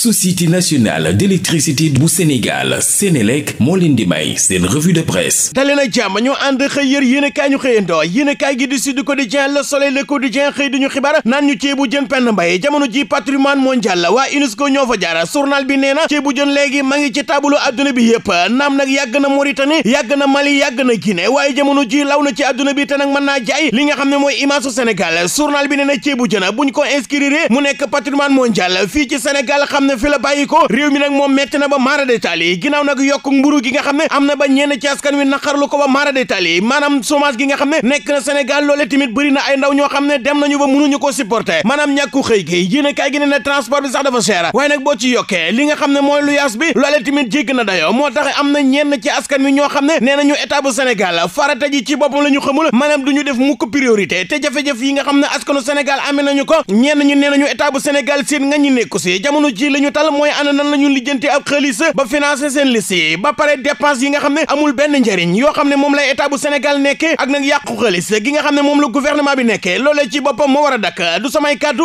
société nationale d'électricité bu Sénégal Sénélec moo leen di may seen revue de presse dalee na jàmm ñu ànd xëy yër yéenekaay ñu xëyandoo yéenekaay gi di Sud Quotidien Le Soleil Le Quotidien xëy duñu xibaar naan ñu ceebu jën Penda Mbaye jamono ji patrimoine mondial la waa UNESCO ñoo fa jaara journal bi nee na jën léegi ma ngi ci tableau adduna bi yëpp naam nag yàgg na Mauritanie yàgg na Mali yàgg na Guinée waaye jamono ji law na ci adduna bi te nag mën naa jaay li nga xam ne mooy image su Sénégal journal bi nee na ceebu jën buñ ko inscrire mu nekk patrimoine mondial fii ci Sénégal xam ne fi la bàyyi ko réew mi nag moom metti na ba maara taali ginnaaw nag yokk mburu gi nga xam ne am na ba ñenn ci ko ba maara de taali maanaam chômage xam ne nekk na Sénégal loole tamit bëri na ay ndaw ñoo xam ne dem nañu ba mënuñu ko supporter maanaam ñàkku xëy gi yéene kaay gi moo tax am na ñenn ci askan ñoo xam ne nee nañu état bu Sénégal farata ji ci boppam la ñu xamul ñu def mukk priorité nga xam ne askanu Sénégal amee nañu ko ñenn ñu nee nañu état bu Sénégal seen nga ñu si jamono ji la li ñu tal mooy ana nan la ñu lijjanti ab xaalis ba financer seen liste yi ba pare dépense yi nga xam ne amul benn njëriñ yoo xam ne moom la état bu Sénégal nekkee ak nag yàqu xaalis gi nga xam ne moom la gouvernement bi nekkee loolee ci boppam a dakk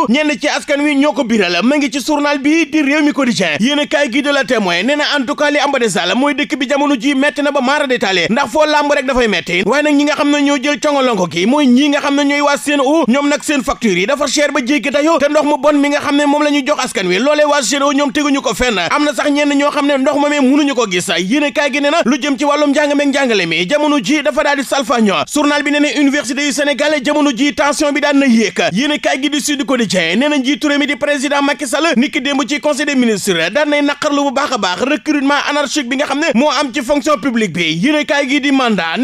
ñenn ci askan wi ñoo ko ngi ci journal bi di réew mi quotidien yéen a kaay gi de la témoin nee na en tout cas li amba de sall mooy dëkk bi jamono ji na ba maara détaillé ndax foo làmb rek dafay metti waaye nag ñi nga xam ne ñoo jël nag seen facture yi dafa cher ba jéggi dayo te ndox mu mi nga xam ne moom la ñuy jox askan wi loolee waa seen vidéo ñoom teguñu ko fenn am na sax ñenn ñoo xam ne ndox ma mee munuñu ko gis yéene kaay gi ne lu jëm ci wàllum njàng njàngale mi jamono ji dafa daal di salfaño bi ne université yu Sénégal jamono ji tension bi daan na yéeg yéene gi di Sud Quotidien nee na njiitu réew mi di président Macky niki démb ci conseil des ministres daan nay naqarlu bu baax a baax recrutement anarchique bi nga xam ne moo am ci fonction publique bi yéene kaay gi di mandat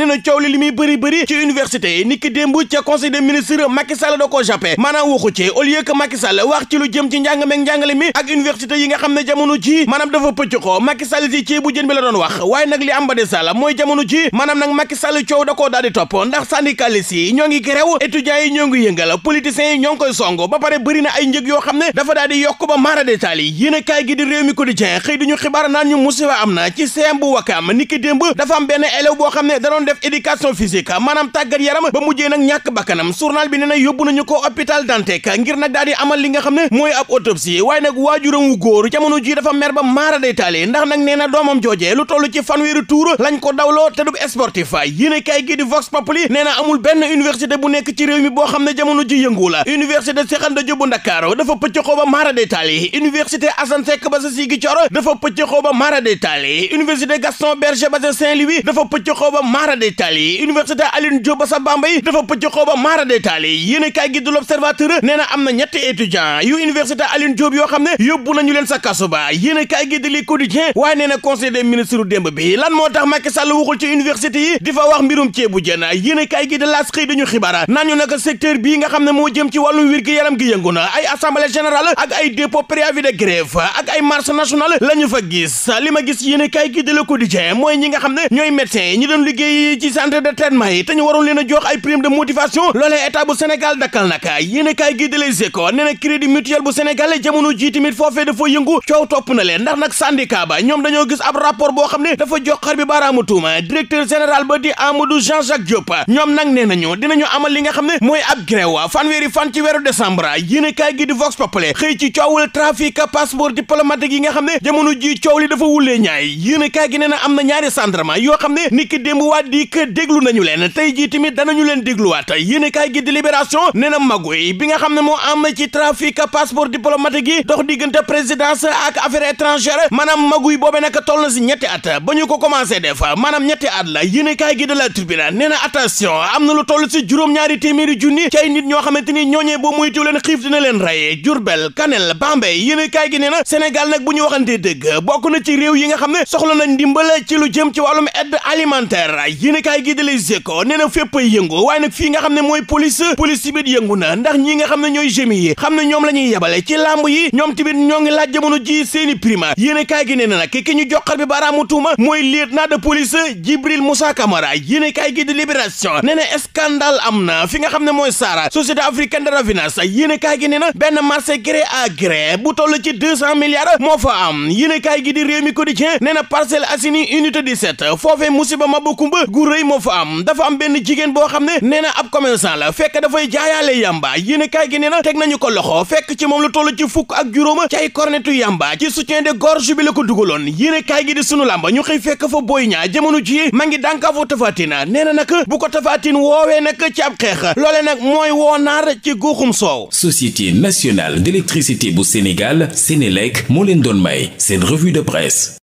université yi nga xam ne jamono ji maanaam dafa pëcc ko Macky Sall ci ceebu jën bi la doon wax waaye nag li am ba la mooy jamono ji koy songo ba pare bëri na ay njëg yoo xam ne daal di yokk ba maara détaal yi yéen a kaay gi di réew mi quotidien xëy di ñu xibaar naan ñu musiba am na ci CEM bu Wakaam niki démb dafa am benn élève boo xam ne da doon def éducation physique maanaam tàggat yaram ba mujjee nag ñàkk bakkanam journal bi nee na yóbbu nañu ko hôpital Dantec ngir nag daal di amal li nga xam ne mooy ab autopsie waaye nag waajuram góor jamono ji dafa mer ba maara day taali ndax nag nee doomam joojee lu toll ci fanweeri tuur lañ ko dawloo te du sportif yéene kaay gi di Vox Populi nee amul benn université bu nekk ci réew mi boo xam ne jamono ji yëngu la université Cheikh Anta Ndakaaru dafa pëccëxoo ba maara day taali université Gaston Berger ba sa Saint-Louis dafa pëccëxoo ba maara day taali université Alioune Diop ba sa Bambey dafa pëccëxoo ba maara day taali yéene tëjuñu leen sa kaso ba yéen a kaay waaye nee na conseil des ministres démb bi lan moo tax Macky Sall waxul ci université yi di fa wax mbirum ceebu jën yéen a kaay gi di laas xëy ñu naka secteur bii nga xam ne moo jëm ci wàllum wér yaram gi na ay assemblée générale ak ay dépôt préavis de grève ak ay marche nationale la fa gis li ma gis yéen a kaay gi mooy ñi nga xam ne ñooy médecin ñi doon liggéey ci centre de de motivation fa yëngu coow topp na leen ndax nag syndicat ba ñoom dañoo gis ab rapport boo xam ne dafa jox xar bi baaraamu tuuma directeur général ba di Amadou Jean Jacques Diop ñoom nag nee nañu dinañu amal li nga xam ne mooy ab grève fanweeri fan ci weeru décembre yéene gi di Vox Populi xëy ci coowul trafic passeport diplomatique yi nga xam ne jamono ji coow li dafa wulee ñaay yéene kaay gi nee na am na ñaari gendarme yoo xam ne ni ki démb waa di que déglu n leen tey jii tamit danañu leen dégluwaat yéene kaay gi di libération nee na magu bi nga xam ne moo am na ci trafic passeport diplomatique yi dox diggante résidence ak affaires étrangères maanaam maguy boobe nag toll si ñetti at ba ñu ko commencé def maanaam ñetti at la yéene kaay gi de la tribune nee na attention am na lu toll si juróom-ñaari téeméeri junni ci nit ñoo xamante ni ñooñee boo muytu leen xiif dina leen rey Jurbel Kanel Bambey yéene kaay gi nee na Sénégal nag bu ñu waxantee bokk na ci réew yi nga xam ne soxla na ndimbal ci lu jëm ci wàllum aide alimentaire yéene kaay gi de Les Échos nee na fépp yëngu waaye nag fii nga xam ne mooy police police tamit yëngu na ndax ñi nga xam ne ñooy gémi yi xam ne ñoom la ñuy yebale ci làmb yi ñoom tamit ñoo ngi jamono ji seeni prima yéene kaay gi nee na nag ki ñu joxar bi baaraamu tuuma mooy lieutenant de police Jibril Moussa Camara yéene kaay gi di libération ne na scandale am na fi nga xam ne mooy Sahara société africaine de raffinage yéene kaay gi nee na benn marché gré à bu toll ci deux cent milliards moo fa am yéene kaay gi di réew mi quotidien nee na Parcelles Assainies unité 17 foofee musiba ma bu kumba gu rëy moo fa am dafa am benn jigéen boo xam ne nee na ab commerçant la fekk dafay jaayaale yamba yéene kaay nee na teg nañu ko loxo fekk ci moom lu toll ci fukk ak juróoma cay ko cornetu yamba ci soutien de gorge bi la ko dugaloon yéene kaay gi di sunu làmba ñu xëy fekk fa Boy Niang jamono ji ma ngi dànkaafu tafaatina nee na nag bu ko tafaatin woowee nag ci ab xeex loole nag mooy woonaar ci guuxum soow société nationale d'électricité bu Sénégal Sénélec moo leen doon may seen revue de presse